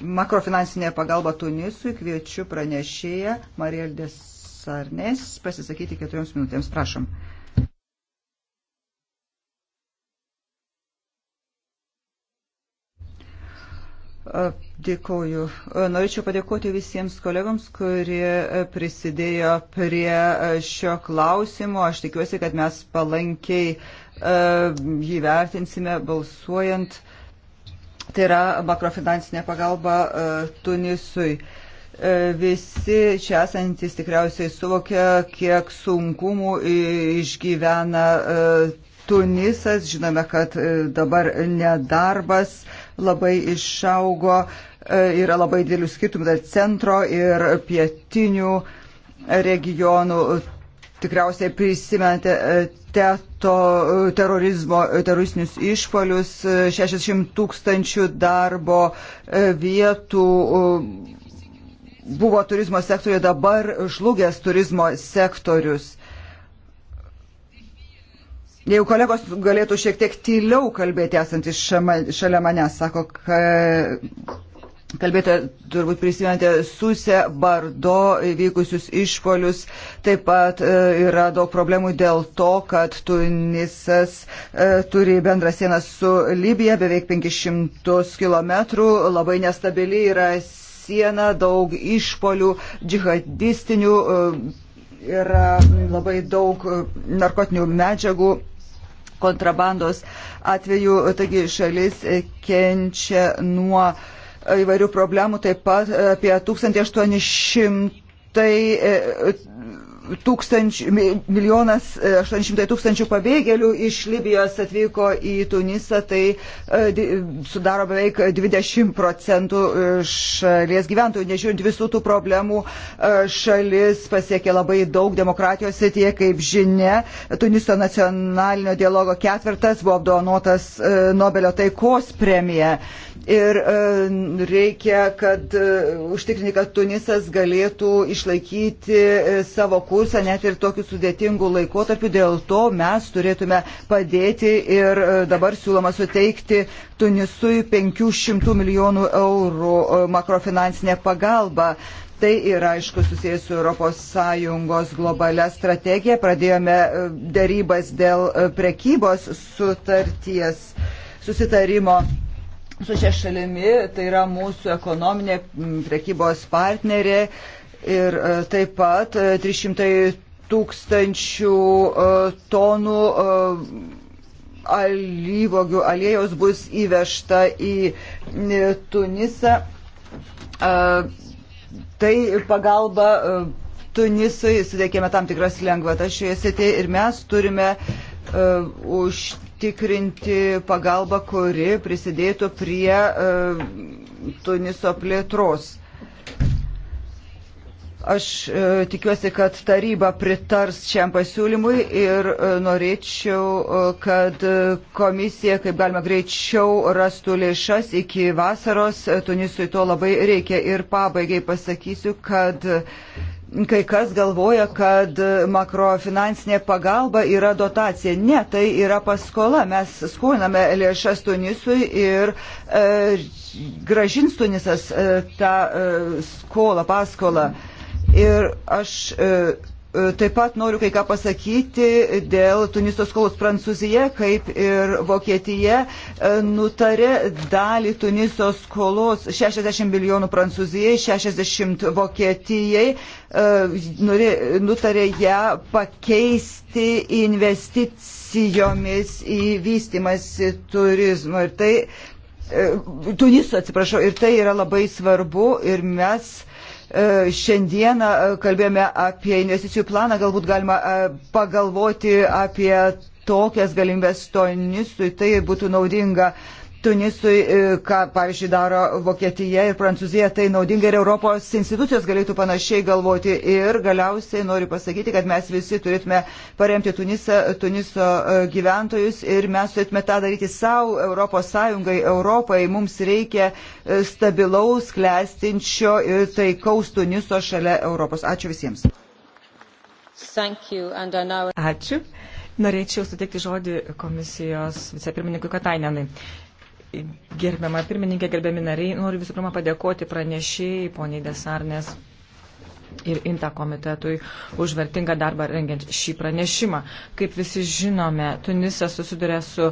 makrofinansinė pagalba Tunisui. Kviečiu pranešėją Mariel Desarnes pasisakyti keturioms minutėms. Prašom. Dėkoju. Norėčiau padėkoti visiems kolegoms, kurie prisidėjo prie šio klausimo. Aš tikiuosi, kad mes palankiai jį vertinsime balsuojant. Uh, Tai yra makrofinansinė pagalba e, Tunisui e, visi čia esantis tikriausiai suvokia, kiek sunkumų išgyvena e, Tunisas. Žinome, kad dabar nedarbas labai išaugo, yra labai dėlių skirtumų tarp centro ir pietinių regionų tikriausiai prisimenate e, teto e, terorizmo, e, teroristinius išpolius, 60 tūkstančių darbo vietų buvo turizmo sektoriuje, dabar žlugęs turizmo sektorius. Jeigu kolegos galėtų šiek tiek tyliau kalbėti esant iš šalia manęs, sako, ka, Kalbėtoje turbūt prisimenate Susę, Bardo vykusius išpolius. Taip pat e, yra daug problemų dėl to, kad Tunisas e, turi bendrą sieną su Libija, beveik 500 km, labai nestabili yra siena, daug išpolių, džihadistinių, e, yra labai daug e, narkotinių medžiagų kontrabandos atveju, taigi šalis e, kenčia nuo uh, įvairių problemų, taip pat e, apie 1800 tai tūkstančių, milijonas 800 e, tūkstančių pabėgėlių iš Libijos atvyko į Tunisą, tai e, sudaro beveik 20 procentų e, šalies gyventojų. Nežiūrint visų tų problemų, šalis pasiekė labai daug demokratijos srityje, kaip žinia. Tuniso nacionalinio dialogo ketvirtas buvo apdovanotas Nobelio taikos premija. Ir reikia, kad užtikrinti, kad Tunisas galėtų išlaikyti savo kūną kursą net ir tokiu sudėtingu laikotarpiu. Dėl to mes turėtume padėti ir e, dabar siūloma suteikti Tunisui 500 milijonų eurų e, makrofinansinę pagalbą. Tai yra, aišku, susijęs su ES globalia strategija. Pradėjome e, darybas dėl prekybos sutarties susitarimo su šia šalimi, tai yra mūsų ekonominė prekybos partnerė ir e, taip pat 300 e, tūkstančių e, tonų alyvogių aliejos bus įvežta į Tunisą. Tai pagalba Tunisui sudėkėme tam tikras lengvatas šioje srityje ir mes turime uh, užtikrinti pagalbą, kuri prisidėtų prie uh, Tuniso plėtros. Aš e, tikiuosi, kad taryba pritars šiam pasiūlymui ir e, norėčiau, e, kad e, komisija kaip galima greičiau rastų lėšas iki vasaros. E, Tunisui to labai reikia. Ir pabaigai pasakysiu, kad e, kai kas galvoja, kad e, makrofinansinė pagalba yra dotacija. Ne, tai yra paskola. Mes skoliname lėšas Tunisui ir. E, Gražins Tunisas e, tą e, skolą, paskolą. Mm. Ir aš e, e, taip pat noriu kai ką pasakyti dėl Tuniso skolos Prancūzija, kaip ir Vokietija e, nutarė dalį Tuniso skolos 60 milijonų Prancūzijai, 60 Vokietijai, nutarė ją pakeisti investicijomis į vystimąsi turizmo. Ir tai, Tuniso atsiprašau, ir tai yra labai svarbu ir mes E, šiandieną e, kalbėjome apie investicijų planą, galbūt galima e, pagalvoti apie tokias galimybės Tonisui, tai būtų naudinga Tunisui, e, ką pavyzdžiui daro Vokietija ir Prancūzija, tai naudinga ir Europos institucijos galėtų panašiai galvoti. Ir galiausiai noriu pasakyti, kad mes visi turėtume paremti Tunisą, Tuniso e, gyventojus ir mes turėtume tą daryti savo Europos Sąjungai, Europai. Mums reikia e, stabilaus, klestinčio ir taikaus Tuniso šalia Europos. Ačiū visiems. Ačiū. Norėčiau suteikti žodį komisijos vicepirmininkui Katainenui. Gerbiama pirmininkė, gerbiami nariai, noriu visų pirma padėkoti pranešėjai, poniai Desarnės ir INTA komitetui už vertingą darbą rengiant šį pranešimą. Kaip visi žinome, Tunisas susiduria su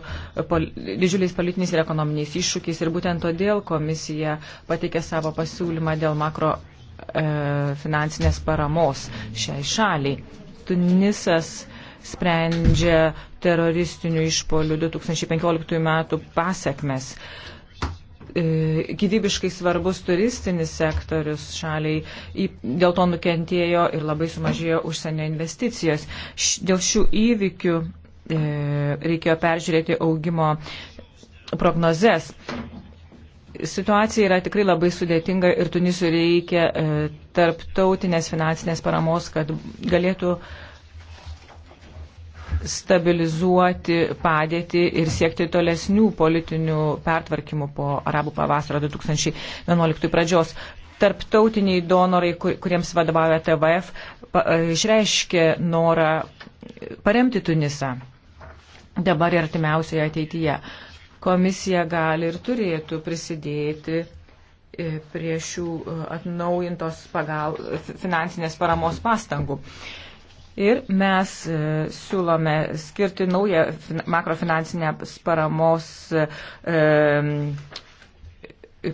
pol didžiuliais politiniais ir ekonominiais iššūkiais ir būtent todėl komisija pateikė savo pasiūlymą dėl makro e, finansinės paramos šiai šaliai. Tunisas sprendžia teroristinių išpolių 2015 metų pasiekmes. E, gyvybiškai svarbus turistinis sektorius šaliai dėl to nukentėjo ir labai sumažėjo užsienio investicijos. Dėl šių įvykių e, reikėjo peržiūrėti augimo prognozes. Situacija yra tikrai labai sudėtinga ir Tunisui reikia e, tarptautinės finansinės paramos, kad galėtų uh, stabilizuoti padėtį ir siekti tolesnių politinių pertvarkymų po arabų pavasario 2011 pradžios. Tarptautiniai donorai, kuriems vadovauja TVF, e, išreiškė norą paremti Tunisą dabar ir artimiausioje ateityje. Komisija gali ir turėtų prisidėti e, prie šių e, atnaujintos pagal, finansinės paramos pastangų. Ir mes e, siūlome skirti naują makrofinansinės paramos e,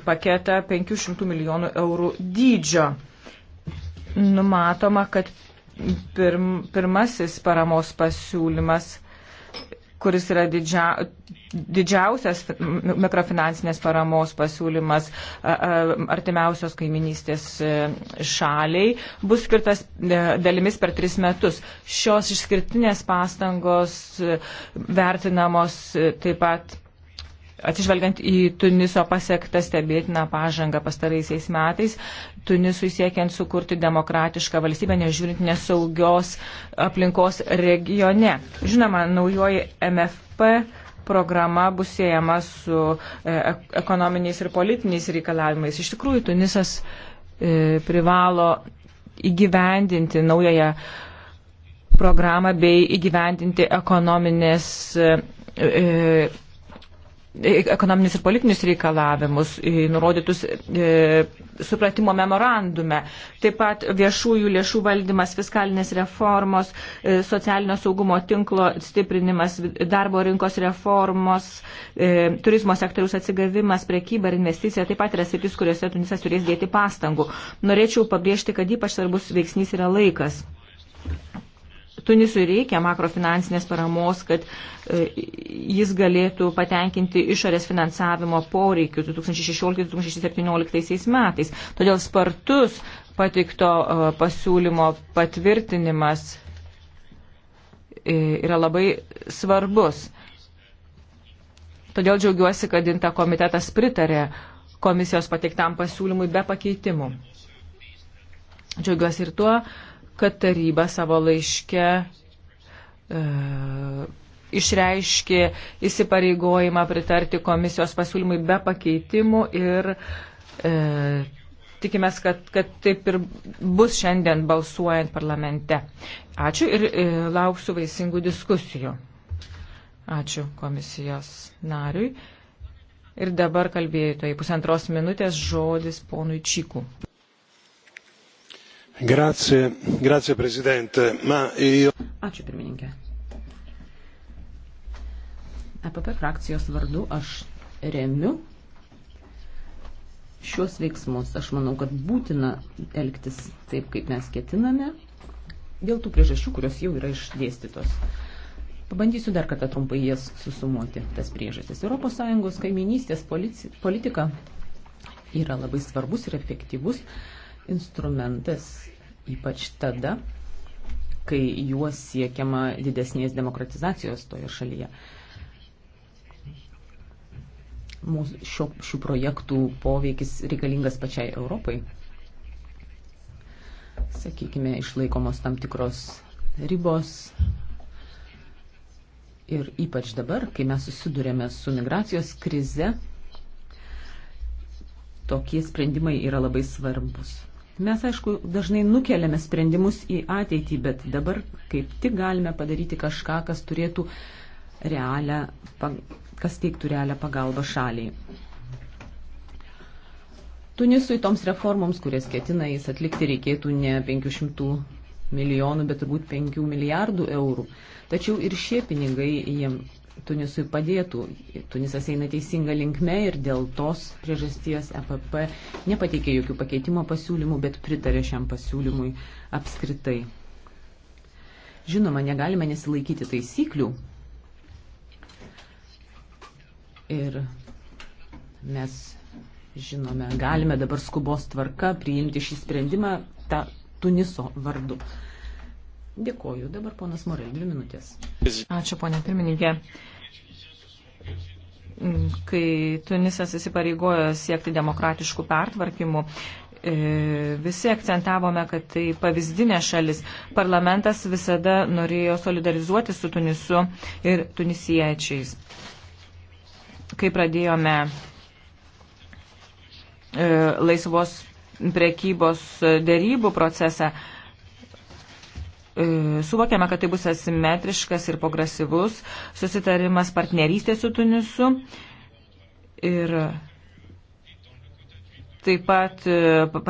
paketą 500 milijonų eurų dydžio. Numatoma, kad pirm, pirmasis paramos pasiūlymas kuris yra didžia, didžiausias mikrofinansinės paramos pasiūlymas artimiausios kaiminystės e, šaliai, bus skirtas e, dalimis per tris metus. Šios išskirtinės pastangos e, vertinamos taip pat Atsižvelgiant į Tuniso pasiektą stebėtiną pažangą pastaraisiais metais, Tunisui siekiant sukurti demokratišką valstybę, nežiūrint nesaugios aplinkos regione. Žinoma, naujoji MFP programa bus siejama su e, ekonominiais ir politiniais reikalavimais. Iš tikrųjų, Tunisas e, privalo įgyvendinti naująją programą bei įgyvendinti ekonominės e, ekonominius ir politinius reikalavimus nurodytus e, supratimo memorandume. Taip pat viešųjų lėšų valdymas, fiskalinės reformos, e, socialinio saugumo tinklo stiprinimas, darbo rinkos reformos, e, turizmo sektoriaus atsigavimas, prekyba ir investicija taip pat yra sritis, kuriuose Tunisas turės dėti pastangų. Norėčiau pabrėžti, kad ypač svarbus veiksnys yra laikas. Tunisui reikia makrofinansinės paramos, kad e, jis galėtų patenkinti išorės finansavimo poreikius 2016-2017 metais. Todėl spartus patikto e, pasiūlymo patvirtinimas e, yra labai svarbus. Todėl džiaugiuosi, kad Inta komitetas pritarė komisijos pateiktam pasiūlymui be pakeitimų. Džiaugiuosi ir tuo, kad taryba savo laiške e, išreiškė įsipareigojimą pritarti komisijos pasiūlymui be pakeitimų ir e, tikimės, kad, kad taip ir bus šiandien balsuojant parlamente. Ačiū ir e, lauksiu vaisingų diskusijų. Ačiū komisijos nariui. Ir dabar kalbėjotojai pusantros minutės žodis ponui Čikų. Grazie, grazie prezidente. Ma io... Ačiū pirmininkė. EPP frakcijos vardu aš remiu šiuos veiksmus. Aš manau, kad būtina elgtis taip, kaip mes ketiname, dėl tų priežasčių, kurios jau yra išdėstytos. Pabandysiu dar kartą trumpai jas susumuoti, tas priežastis. ES kaiminystės politika yra labai svarbus ir efektyvus instrumentas, ypač tada, kai juos siekiama didesnės demokratizacijos toje šalyje. Mūsų šio, šių projektų poveikis reikalingas pačiai Europai. Sakykime, išlaikomos tam tikros ribos. Ir ypač dabar, kai mes susidurėme su migracijos krize, tokie sprendimai yra labai svarbus. Mes, aišku, dažnai nukeliame sprendimus į ateitį, bet dabar kaip tik galime padaryti kažką, kas turėtų realią, kas teiktų realią pagalbą šaliai. Tunisui toms reformoms, kurias ketina jis atlikti, reikėtų ne 500 milijonų, bet turbūt 5 milijardų eurų. Tačiau ir šie pinigai jiems Tunisui padėtų. Tunisas eina teisinga linkme ir dėl tos priežasties EPP nepateikė jokių pakeitimo pasiūlymų, bet pritarė šiam pasiūlymui apskritai. Žinoma, negalime nesilaikyti taisyklių. Ir mes žinome, galime dabar skubos tvarka priimti šį sprendimą tą Tuniso vardu. Dėkoju. Dabar ponas Morel, dvi minutės. Ačiū, ponė pirmininkė. Kai Tunisas įsipareigojo siekti demokratiškų pertvarkymų, e, visi akcentavome, kad tai pavyzdinė šalis. Parlamentas visada norėjo solidarizuoti su Tunisu ir tunisiečiais. Kai pradėjome e, laisvos prekybos e, dėrybų procesą, E, suvokiame, kad tai bus asimetriškas ir progresyvus susitarimas partnerystė su Tunisu ir taip pat e,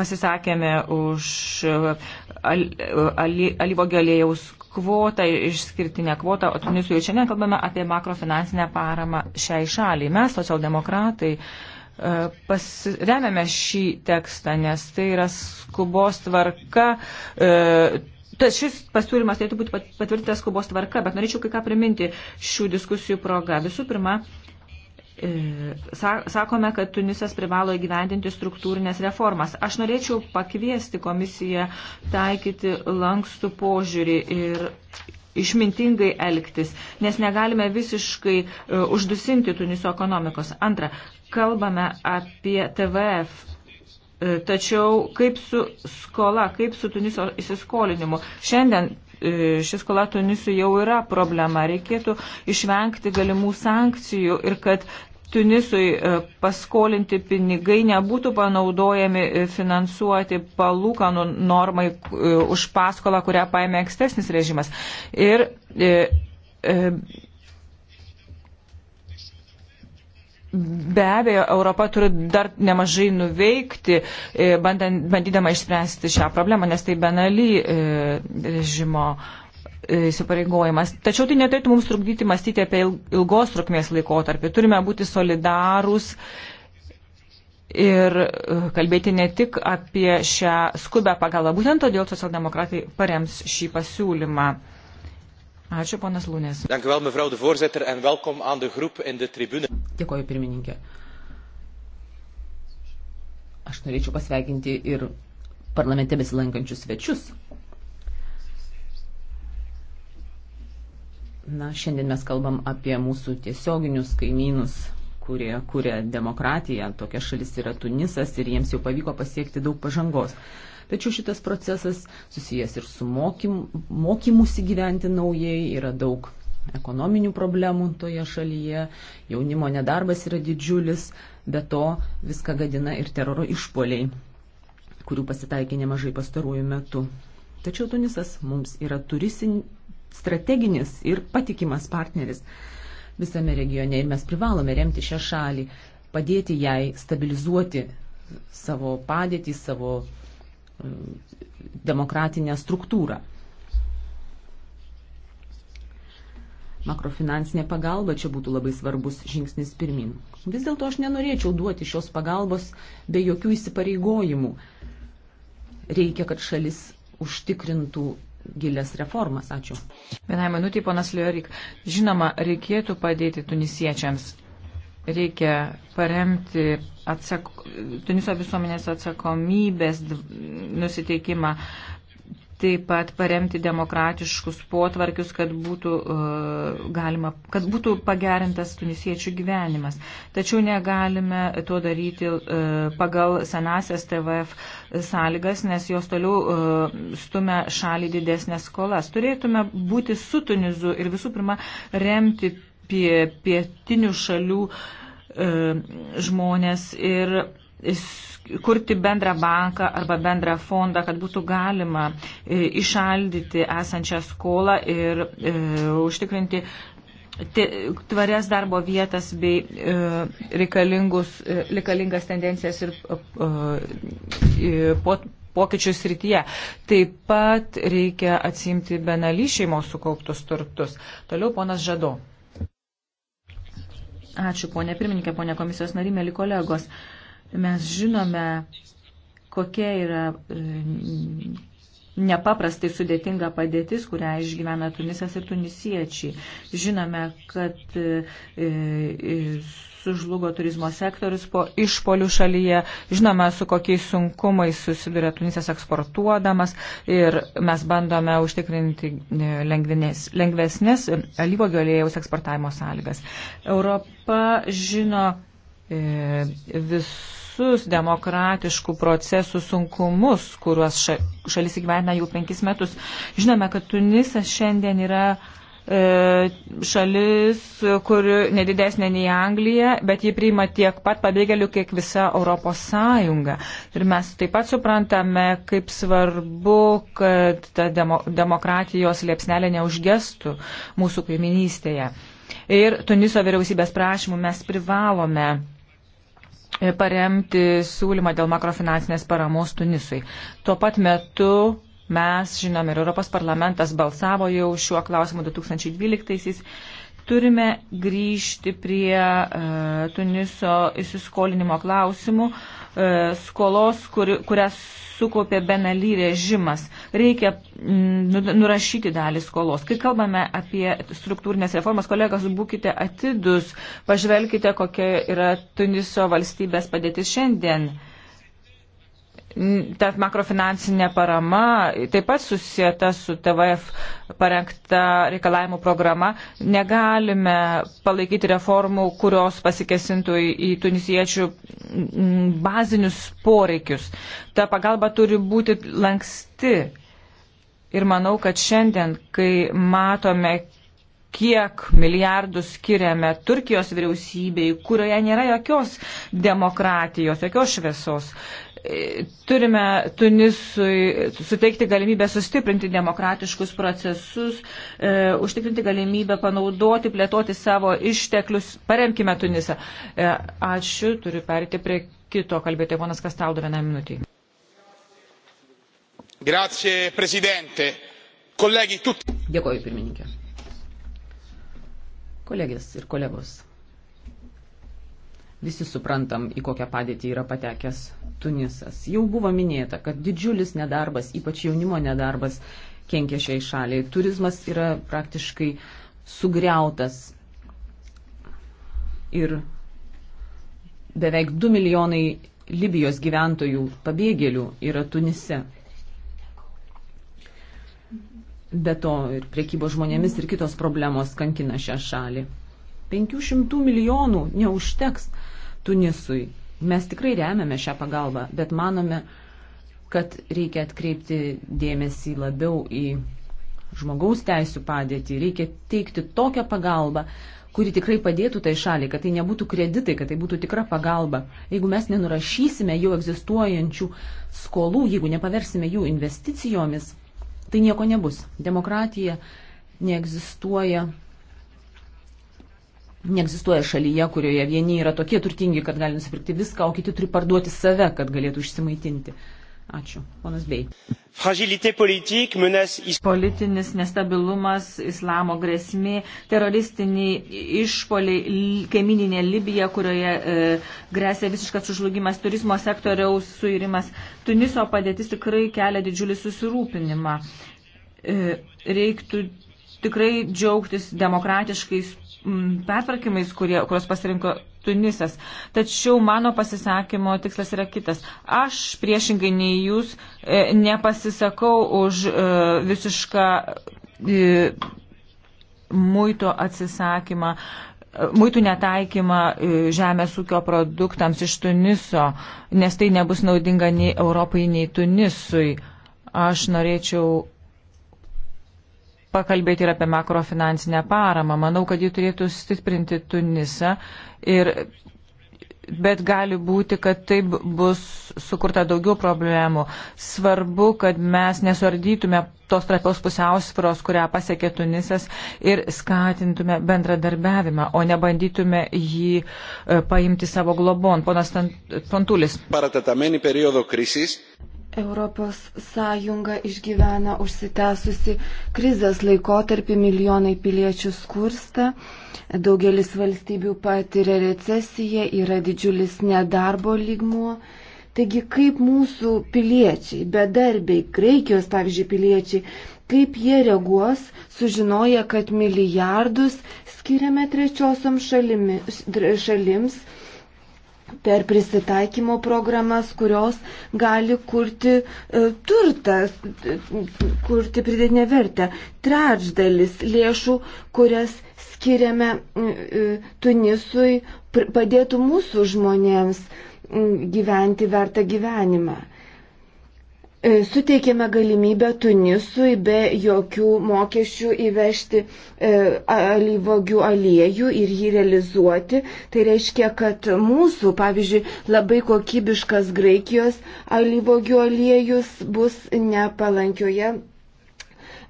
pasisakėme už e, alyvogio aliejaus kvotą, išskirtinę kvotą, o Tunisui jau šiandien kalbame apie makrofinansinę paramą šiai šaliai. Mes, socialdemokratai, remiame šį tekstą, nes tai yra skubos tvarka tas šis pasiūlymas turėtų būti patvirtintas skubos tvarka, bet norėčiau kai ką priminti šių diskusijų proga. Visų pirma, e, sakome, kad Tunisas privalo įgyvendinti struktūrinės reformas. Aš norėčiau pakviesti komisiją taikyti lankstų požiūrį ir išmintingai elgtis, nes negalime visiškai e, uždusinti Tuniso ekonomikos. Antra, kalbame apie TVF E, tačiau kaip su skola, kaip su Tuniso įsiskolinimu? Šiandien e, ši skola Tunisui jau yra problema. Reikėtų išvengti galimų sankcijų ir kad Tunisui e, paskolinti pinigai nebūtų panaudojami finansuoti palūkanų normai už paskolą, kurią paėmė ankstesnis režimas. Ir, e, e, Be abejo, Europa turi dar nemažai nuveikti, e, bandant, bandydama išspręsti šią problemą, nes tai benaly e, režimo e, įsipareigojimas. Tačiau tai neturėtų mums trukdyti mąstyti apie ilgos trukmės laikotarpį. Turime būti solidarūs ir kalbėti ne tik apie šią skubę pagalbą. Būtent todėl socialdemokratai parems šį pasiūlymą. Ačiū, ponas Lūnės. Dėkoju, pirmininkė. Aš norėčiau pasveikinti ir parlamente besilankančius svečius. Na, šiandien mes kalbam apie mūsų tiesioginius kaimynus kurie kūrė demokratiją. Tokia šalis yra Tunisas ir jiems jau pavyko pasiekti daug pažangos. Tačiau šitas procesas susijęs ir su mokym, mokymus įgyventi naujai, yra daug ekonominių problemų toje šalyje, jaunimo nedarbas yra didžiulis, be to viską gadina ir teroro išpoliai, kurių pasitaikė nemažai pastaruoju metu. Tačiau Tunisas mums yra turisin, strateginis ir patikimas partneris visame regione ir mes privalome remti šią šalį, padėti jai stabilizuoti savo padėtį, savo e, demokratinę struktūrą. Makrofinansinė pagalba čia būtų labai svarbus žingsnis pirmin. Vis dėlto aš nenorėčiau duoti šios pagalbos be jokių įsipareigojimų. Reikia, kad šalis užtikrintų gilės reformas. Ačiū. Vienai minutį, ponas Liorik. Žinoma, reikėtų padėti tunisiečiams. Reikia paremti atsako, Tuniso visuomenės atsakomybės nusiteikimą taip pat paremti demokratiškus potvarkius, kad būtų, uh, galima, kad būtų pagerintas tunisiečių gyvenimas. Tačiau negalime to daryti uh, pagal senasias TVF sąlygas, nes jos toliau uh, stumia šalį didesnės skolas. Turėtume būti su Tunizu ir visų pirma remti pie, pietinių šalių uh, žmonės ir kurti bendrą banką arba bendrą fondą, kad būtų galima išaldyti e, esančią skolą ir e, užtikrinti tvarias darbo vietas bei e, e, reikalingas tendencijas ir e, e, po, pokyčių srityje. Taip pat reikia atsimti benalį šeimos sukauptus turtus. Toliau ponas Žado. Ačiū, ponė pirmininkė, ponė komisijos narimė, liko kolegos. E, Mes žinome, kokia yra e, nepaprastai sudėtinga padėtis, kurią išgyvena Tunisas ir tunisiečiai. Žinome, kad e, e, sužlugo turizmo sektorius po išpolių šalyje, žinome, su kokiais sunkumais susiduria Tunisas eksportuodamas ir mes bandome užtikrinti lengvesnės alyvogio aliejaus eksportavimo sąlygas. Europa žino vis visus demokratiškų procesų sunkumus, kuriuos ša, šalis įgyvena jau penkis metus. Žinome, kad Tunisas šiandien yra e, šalis, kuri nedidesnė nei Anglija, bet ji priima tiek pat pabėgėlių, kiek visa Europos Sąjunga. Ir mes taip pat suprantame, kaip svarbu, kad ta demo, demokratijos liepsnelė neužgestų mūsų kaiminystėje. Ir Tuniso vyriausybės prašymų mes privalome paremti siūlymą dėl makrofinansinės paramos Tunisui. Tuo pat metu mes, žinome, ir Europos parlamentas balsavo jau šiuo klausimu 2012-aisiais Turime grįžti prie e, Tuniso įsiskolinimo klausimų, e, skolos, kur, kurią sukaupė Benali režimas. Reikia mm, nu, nurašyti dalį skolos. Kai kalbame apie struktūrinės reformas, kolegas, būkite atidus, pažvelkite, kokia yra Tuniso valstybės padėtis šiandien. E, ta makrofinansinė parama taip pat susijęta su TVF parengta reikalavimų programa. Negalime palaikyti reformų, kurios pasikesintų į, į tunisiečių bazinius poreikius. Ta pagalba turi būti lanksti. Ir manau, kad šiandien, kai matome, kiek milijardų skiriame Turkijos vyriausybei, kurioje nėra jokios demokratijos, jokios šviesos turime Tunisui suteikti galimybę sustiprinti demokratiškus procesus, e, užtikrinti galimybę panaudoti, plėtoti savo išteklius. Paremkime Tunisą. E, ačiū, turiu perėti prie kito kalbėtojo, ponas Kastaldo, vieną minutį. Grazie, prezidente. Kolegi, tutti. Dėkoju, pirmininkė. Kolegės ir kolegos. Visi suprantam, į kokią padėtį yra patekęs Tunisas. Jau buvo minėta, kad didžiulis nedarbas, ypač jaunimo nedarbas, kenkia šiai šaliai. Turizmas yra praktiškai sugriautas. Ir beveik 2 milijonai Libijos gyventojų pabėgėlių yra Tunise. Be to ir priekybos žmonėmis ir kitos problemos kankina šią šalį. 500 milijonų neužteks Tunisui. Mes tikrai remiame šią pagalbą, bet manome, kad reikia atkreipti dėmesį labiau į žmogaus teisų padėtį, reikia teikti tokią pagalbą, kuri tikrai padėtų tai šaliai, kad tai nebūtų kreditai, kad tai būtų tikra pagalba. Jeigu mes nenurašysime jau egzistuojančių skolų, jeigu nepaversime jų investicijomis, tai nieko nebus. Demokratija neegzistuoja Neegzistuoja šalyje, kurioje vieni yra tokie turtingi, kad gali nusipirkti viską, o kiti turi parduoti save, kad galėtų išsimaitinti. Ačiū. Ponas Bei. Politinis nestabilumas, islamo grėsmė, teroristiniai išpoliai, kaimininė Libija, kurioje e, grėsia visiškas sužlugimas, turizmo sektoriaus suirimas. Tuniso padėtis tikrai kelia didžiulį susirūpinimą. E, reiktų tikrai džiaugtis demokratiškais pertvarkymais, kurie, kurios pasirinko Tunisas. Tačiau mano pasisakymo tikslas yra kitas. Aš priešingai nei jūs e, nepasisakau už e, visišką e, muito atsisakymą, e, muitų netaikymą e, žemės ūkio produktams iš Tuniso, nes tai nebus naudinga nei Europai, nei Tunisui. Aš norėčiau pakalbėti ir apie makrofinansinę paramą. Manau, kad ji turėtų stiprinti Tunisą, ir, bet gali būti, kad taip bus sukurta daugiau problemų. Svarbu, kad mes nesuardytume tos trapios pusiausvėros, kurią pasiekė Tunisas ir skatintume bendradarbiavimą, o nebandytume jį e, paimti savo globon. Ponas Pantulis. ES išgyvena užsitęsusi krizės laikotarpį, milijonai piliečių skursta, daugelis valstybių patiria recesiją, yra didžiulis nedarbo lygmuo. Taigi kaip mūsų piliečiai, bedarbiai, Graikijos, pavyzdžiui, piliečiai, kaip jie reaguos, sužinoja, kad milijardus skiriame trečiosiam šalimi, šalims per prisitaikymo programas, kurios gali kurti e, turtą, kurti pridėtinę vertę. Trečdalis lėšų, kurias skiriame e, e, Tunisui, padėtų mūsų žmonėms gyventi vertą gyvenimą. E, suteikėme galimybę Tunisui be jokių mokesčių įvežti e, alyvogių aliejų ir jį realizuoti. Tai reiškia, kad mūsų, pavyzdžiui, labai kokybiškas Graikijos alyvogių aliejus bus nepalankioje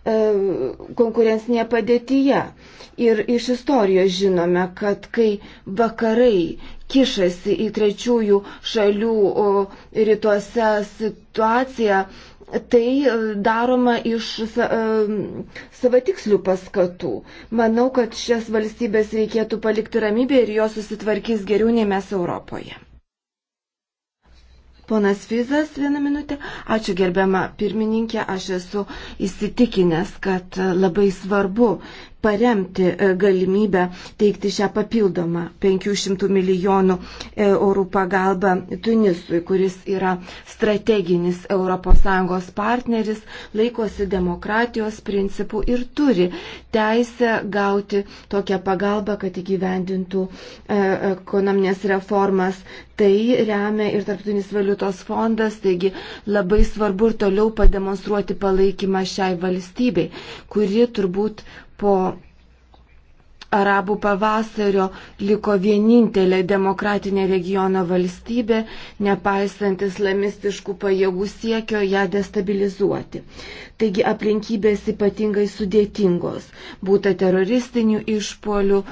E, konkurencinėje padėtyje. Ir iš istorijos žinome, kad kai vakarai kišasi į trečiųjų šalių rytuose situaciją, tai e, daroma iš e, savatikslių paskatų. Manau, kad šias valstybės reikėtų palikti ramybę ir jos susitvarkys geriau nei mes Europoje. Ponas Fizas, vieną minutę. Ačiū gerbiama pirmininkė, aš esu įsitikinęs, kad labai svarbu paremti e, galimybę teikti šią papildomą 500 milijonų eurų pagalbą Tunisui, kuris yra strateginis ES partneris, laikosi demokratijos principų ir turi teisę gauti tokią pagalbą, kad įgyvendintų e, ekonominės reformas. Tai remia ir Tarptautinis valiutos fondas, taigi labai svarbu ir toliau pademonstruoti palaikymą šiai valstybei, kuri turbūt po arabų pavasario liko vienintelė demokratinė regiono valstybė, nepaisant islamistiškų pajėgų siekio ją destabilizuoti. Taigi aplinkybės ypatingai sudėtingos. Būta teroristinių išpolių,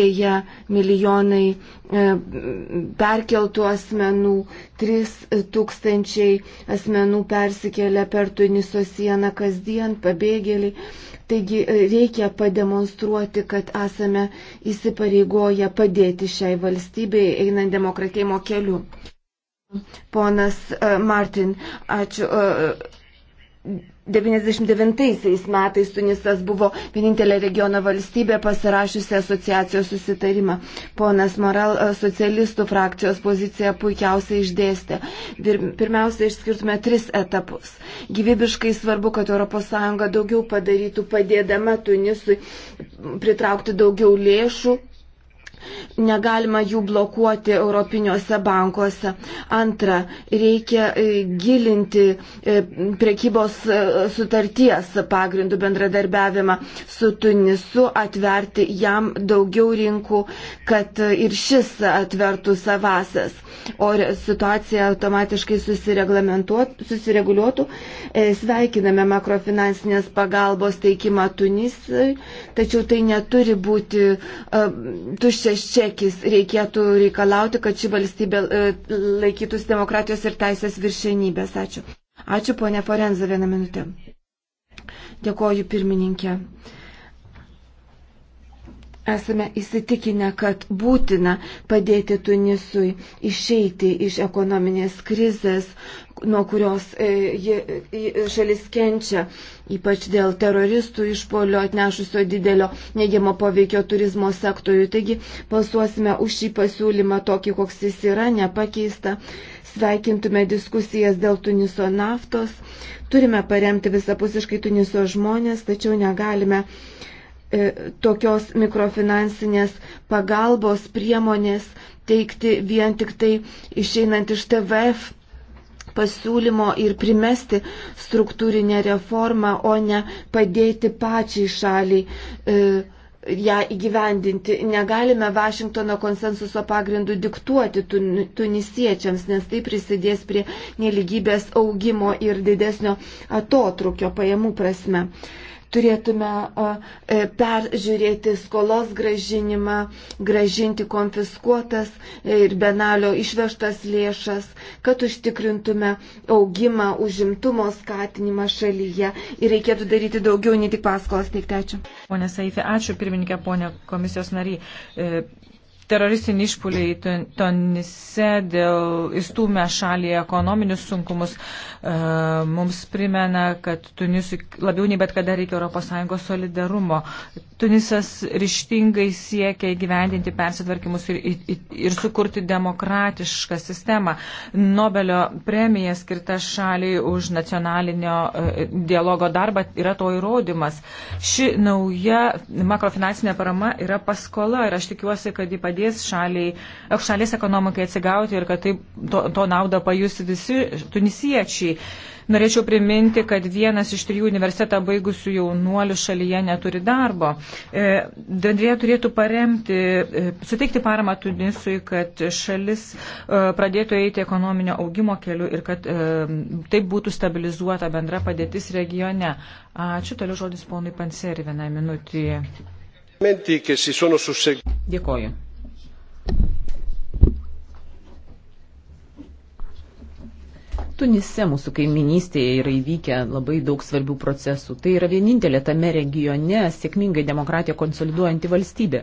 dėja milijonai e, perkeltų asmenų, 3 tūkstančiai asmenų persikėlė per Tuniso sieną kasdien, pabėgėliai Taigi e, reikia pademonstruoti, kad esame įsipareigoję padėti šiai valstybei einant demokratėjimo keliu. Ponas e, Martin, ačiū. E, 99 metais Tunisas buvo vienintelė regiono valstybė pasirašiusi asociacijos susitarimą. Ponas Moral e, socialistų frakcijos poziciją puikiausiai išdėstė. Pirmiausia, išskirtume tris etapus. Gyvybiškai svarbu, kad ES daugiau padarytų padėdama Tunisui pritraukti daugiau lėšų negalima jų blokuoti Europiniuose bankuose. Antra, reikia e, gilinti e, prekybos e, sutarties pagrindų bendradarbiavimą su Tunisu, atverti jam daugiau rinkų, kad ir šis atvertų savasas. O situacija automatiškai susireguliuotų. Sveikiname makrofinansinės pagalbos teikimą Tunisui, tačiau tai neturi būti tuščia Lukašas Čekis reikėtų reikalauti, kad ši valstybė e, laikytųsi demokratijos ir teisės viršenybės. Ačiū. Ačiū, ponė Forenza, vieną minutę. Dėkoju, pirmininkė. Esame įsitikinę, kad būtina padėti Tunisui išeiti iš ekonominės krizės, nuo kurios e, e, e, šalis kenčia, ypač dėl teroristų išpolio atnešusio didelio neigiamo poveikio turizmo sektoriui. Taigi balsuosime už šį pasiūlymą tokį, koks jis yra, nepakeista. Sveikintume diskusijas dėl Tuniso naftos. Turime paremti visapusiškai Tuniso žmonės, tačiau negalime tokios mikrofinansinės pagalbos priemonės teikti vien tik tai išeinant iš TVF pasiūlymo ir primesti struktūrinę reformą, o ne padėti pačiai šaliai e, ją įgyvendinti. Negalime Vašingtono konsensuso pagrindų diktuoti tun, tunisiečiams, nes tai prisidės prie neligybės augimo ir didesnio atotrukio pajamų prasme. E, turėtume e, peržiūrėti skolos gražinimą, gražinti konfiskuotas ir benalio išvežtas lėšas, kad užtikrintume augimą, užimtumo skatinimą šalyje ir reikėtų daryti daugiau, ne tik paskolas teikti. Ačiū. Pone Saifė, ačiū pirmininkė, ponė komisijos nariai. E, teroristiniai išpuliai Tunise dėl įstumę šalį ekonominius sunkumus e, mums primena, kad Tunisui labiau nei bet kada reikia ES solidarumo. Tunisas ryštingai siekia įgyvendinti persitvarkymus ir, ir, ir sukurti demokratišką sistemą. Nobelio premija skirta šaliai už nacionalinio e, dialogo darbą yra to įrodymas. Ši nauja makrofinansinė parama yra paskola ir aš tikiuosi, kad ji padės šaliai, šalies ekonomikai atsigauti ir kad tai, to, to naudą pajusi visi tunisiečiai. Norėčiau priminti, kad vienas iš trijų universitetą baigusių jaunuolių šalyje neturi darbo. Bendrėje turėtų paremti, e, suteikti paramą Tunisui, kad šalis e, pradėtų eiti ekonominio augimo keliu ir kad e, taip būtų stabilizuota bendra padėtis regione. Ačiū, toliau žodis ponui Panseri vienai minutį. Dėkoju. Tunise mūsų kaiminystėje yra įvykę labai daug svarbių procesų. Tai yra vienintelė tame regione sėkmingai demokratiją konsoliduojanti valstybė.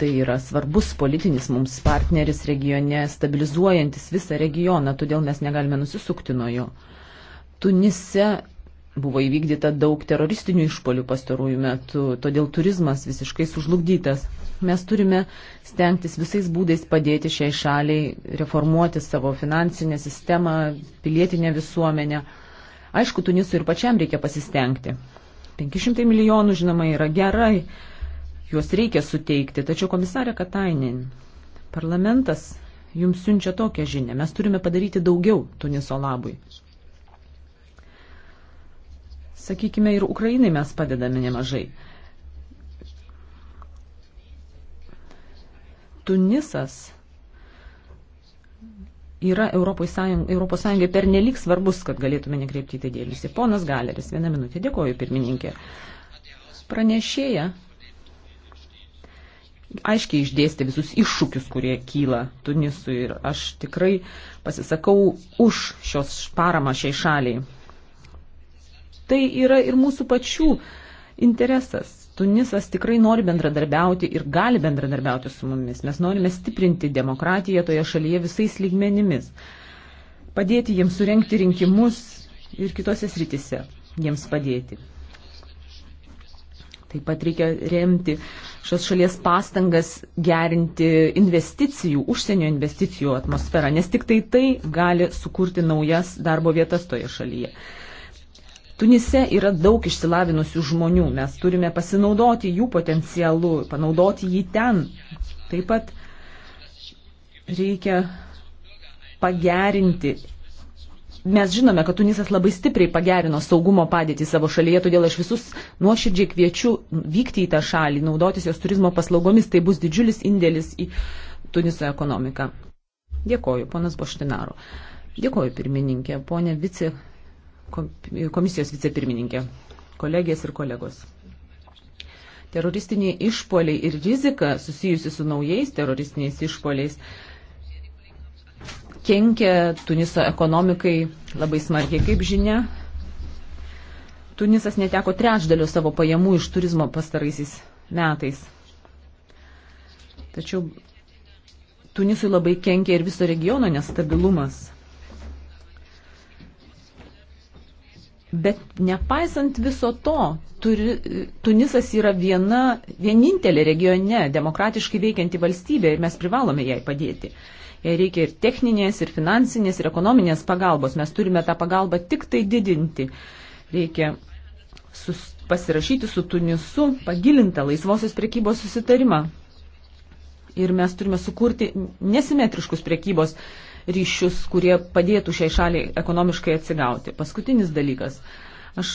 Tai yra svarbus politinis mums partneris regione, stabilizuojantis visą regioną, todėl mes negalime nusisukti nuo jo. Tunise buvo įvykdyta daug teroristinių išpolių pastarųjų metų, todėl turizmas visiškai sužlugdytas. Mes turime stengtis visais būdais padėti šiai šaliai reformuoti savo finansinę sistemą, pilietinę visuomenę. Aišku, Tunisui ir pačiam reikia pasistengti. 500 milijonų, žinoma, yra gerai, juos reikia suteikti. Tačiau komisarė Katainin, parlamentas jums siunčia tokią žinę. Mes turime padaryti daugiau Tuniso labui. Sakykime, ir Ukrainai mes padedame nemažai. Tunisas yra Europos, Sąjung, Europos Sąjungai pernelik svarbus, kad galėtume nekreipti į tai dėmesį. Ponas Galeris, vieną minutę, dėkoju pirmininkė. Pranešėja aiškiai išdėstė visus iššūkius, kurie kyla Tunisui ir aš tikrai pasisakau už šios paramą šiai šaliai. Tai yra ir mūsų pačių interesas Tunisas tikrai nori bendradarbiauti ir gali bendradarbiauti su mumis. Mes norime stiprinti demokratiją toje šalyje visais lygmenimis, padėti jiems surenkti rinkimus ir kitose sritise jiems padėti. Taip pat reikia remti šios šalies pastangas gerinti investicijų, užsienio investicijų atmosferą, nes tik tai tai gali sukurti naujas darbo vietas toje šalyje. Tunise yra daug išsilavinusių žmonių, mes turime pasinaudoti jų potencialu, panaudoti jį ten. Taip pat reikia pagerinti. Mes žinome, kad Tunisas labai stipriai pagerino saugumo padėtį savo šalyje, todėl aš visus nuoširdžiai kviečiu vykti į tą šalį, naudotis jos turizmo paslaugomis, tai bus didžiulis indėlis į Tuniso ekonomiką. Dėkoju, ponas Boštinaru. Dėkoju, pirmininkė, ponė vice komisijos vicepirmininkė, kolegės ir kolegos. Teroristiniai išpoliai ir rizika susijusi su naujais teroristiniais išpoliais kenkia Tuniso ekonomikai labai smarkiai, kaip žinia. Tunisas neteko trečdalio savo pajamų iš turizmo pastaraisiais metais. Tačiau Tunisui labai kenkia ir viso regiono nestabilumas. Bet nepaisant viso to, turi, Tunisas yra viena, vienintelė regione demokratiškai veikianti valstybė ir mes privalome jai padėti. Jai reikia ir techninės, ir finansinės, ir ekonominės pagalbos. Mes turime tą pagalbą tik tai didinti. Reikia sus, pasirašyti su Tunisu pagilintą laisvosios priekybos susitarimą. Ir mes turime sukurti nesimetriškus priekybos susitarimus ryšius, kurie padėtų šiai šaliai ekonomiškai atsigauti. Paskutinis dalykas. Aš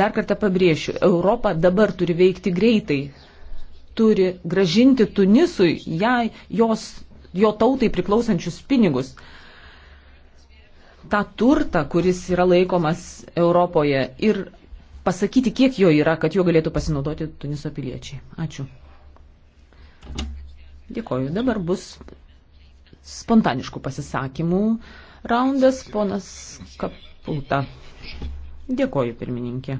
dar kartą pabrėšiu, Europa dabar turi veikti greitai, turi gražinti Tunisui jai, jos, jo tautai priklausančius pinigus. Ta turta, kuris yra laikomas Europoje ir pasakyti, kiek jo yra, kad jo galėtų pasinaudoti Tuniso piliečiai. Ačiū. Dėkoju. Dabar bus spontaniškų pasisakymų raundas, ponas Kaputa. Dėkoju, pirmininkė.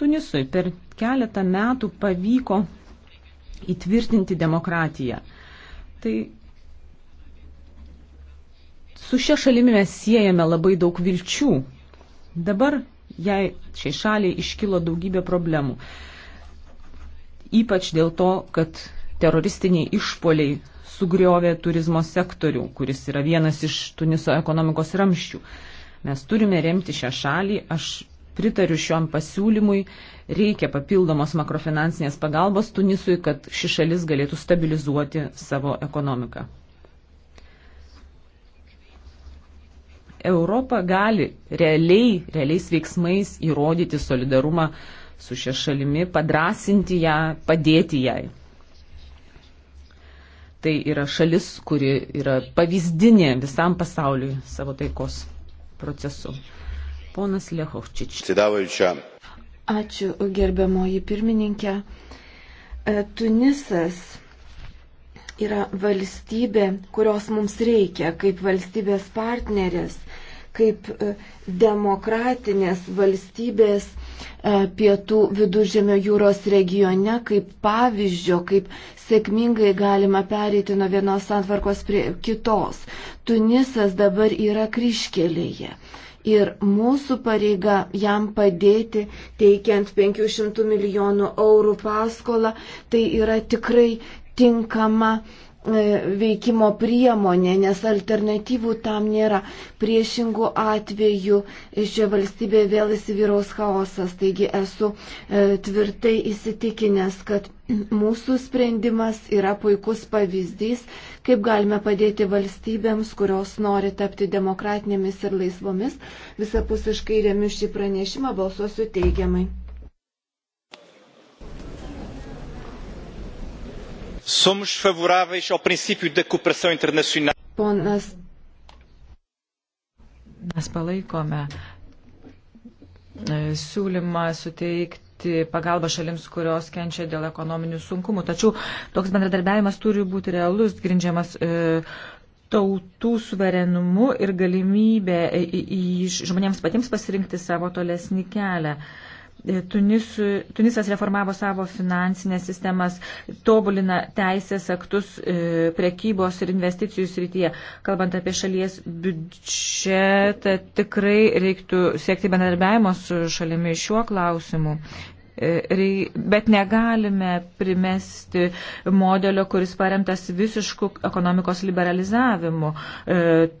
Tunisui per keletą metų pavyko įtvirtinti demokratiją. Tai su šia šalimi mes siejame labai daug vilčių. Dabar jai šiai šaliai iškilo daugybė problemų. Ypač dėl to, kad teroristiniai išpoliai sugriovė turizmo sektorių, kuris yra vienas iš Tuniso ekonomikos ramščių. Mes turime remti šią šalį, aš pritariu šiom pasiūlymui, reikia papildomos makrofinansinės pagalbos Tunisui, kad ši šalis galėtų stabilizuoti savo ekonomiką. Europa gali realiai, realiais veiksmais įrodyti solidarumą su šia šalimi, padrasinti ją, padėti jai. Tai yra šalis, kuri yra pavyzdinė visam pasauliui savo taikos procesu. Ponas Lechovčič. Ačiū, gerbiamoji pirmininkė. E, Tunisas yra valstybė, kurios mums reikia kaip valstybės partnerės, kaip e, demokratinės valstybės E, pietų viduržėmio jūros regione kaip pavyzdžio, kaip sėkmingai galima pereiti nuo vienos santvarkos prie kitos. Tunisas dabar yra kryškelėje. Ir mūsų pareiga jam padėti, teikiant 500 milijonų eurų paskolą, tai yra tikrai tinkama uh, E, veikimo priemonė, nes alternatyvų tam nėra. Priešingų atvejų šioje valstybėje vėl įsivyraus chaosas. Taigi esu e, tvirtai įsitikinęs, kad mūsų sprendimas yra puikus pavyzdys, kaip galime padėti valstybėms, kurios nori tapti demokratinėmis ir laisvomis. Visapusiškai remiu šį pranešimą, balsuosiu teigiamai. Somos favoráveis ao princípio da cooperação internacional. Ponas, mes palaikome e, siūlymą suteikti pagalbą šalims, kurios kenčia dėl ekonominių sunkumų. Tačiau toks bendradarbiavimas turi būti realus, grindžiamas e, tautų suverenumu ir galimybė e, žmonėms patiems pasirinkti savo tolesnį kelią. E, Tunis, Tunisas reformavo savo finansinės sistemas, tobulina teisės aktus e, prekybos ir investicijų srityje. Kalbant apie šalies biudžetą, tikrai reiktų siekti bendarbiavimo su šalimi šiuo klausimu. E, bet negalime primesti modelio, kuris paremtas visišku ekonomikos liberalizavimu. E,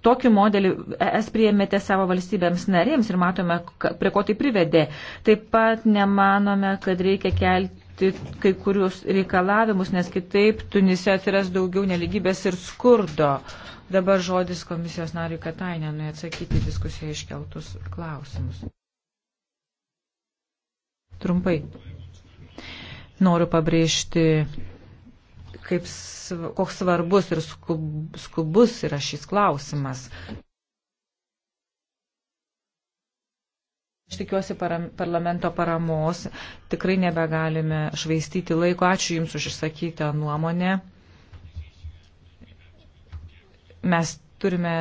tokį modelį es priėmėte savo valstybėms narėms ir matome, prie ko tai privedė. Taip pat nemanome, kad reikia kelti kai kurius reikalavimus, nes kitaip Tunise atsiras daugiau neligybės ir skurdo. Dabar žodis komisijos nariui Katainenui atsakyti diskusiją iškeltus klausimus. Trumpai. Noriu pabrėžti, kaip, koks svarbus ir skub, skubus yra šis klausimas. Aš tikiuosi param, parlamento paramos. Tikrai nebegalime švaistyti laiko. Ačiū Jums už išsakytą nuomonę. Mes turime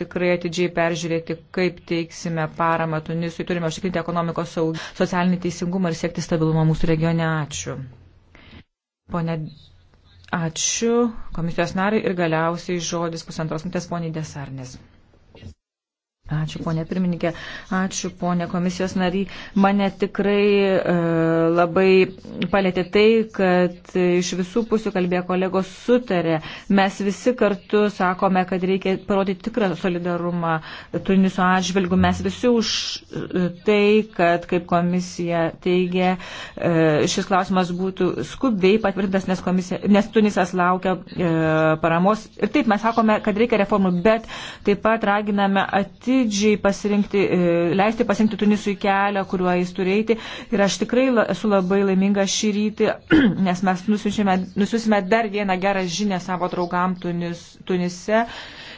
tikrai atidžiai peržiūrėti, kaip teiksime paramą Tunisui, turime užtikrinti ekonomikos saugį, socialinį teisingumą ir siekti stabilumą mūsų regione. Ačiū. Pone, ačiū komisijos nariai ir galiausiai žodis pusantros minutės poniai Desarnės. Ačiū, ponė pirmininkė. Ačiū, ponė komisijos nariai. Mane tikrai e, labai palėtė tai, kad iš visų pusių kalbėjo kolegos sutarė. Mes visi kartu sakome, kad reikia parodyti tikrą solidarumą Tuniso atžvilgių. Mes visi už e, tai, kad, kaip komisija teigia, e, šis klausimas būtų skubiai patvirtintas, nes, komisija, nes Tunisas laukia e, paramos. Ir taip mes sakome, kad reikia reformų, bet taip pat raginame ati atidžiai pasirinkti, e, leisti pasirinkti Tunisui kelią, kuriuo jis turi eiti. Ir aš tikrai esu labai laiminga šį rytį, nes mes nusiusime dar vieną gerą žinę savo draugam Tunis, Tunise.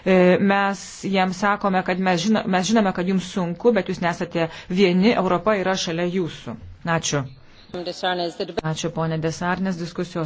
E, mes jiems sakome, kad mes, žino, mes žinome, kad jums sunku, bet jūs nesate vieni, Europa yra šalia jūsų. Ačiū. Ačiū, ponė Desarnės, diskusijos.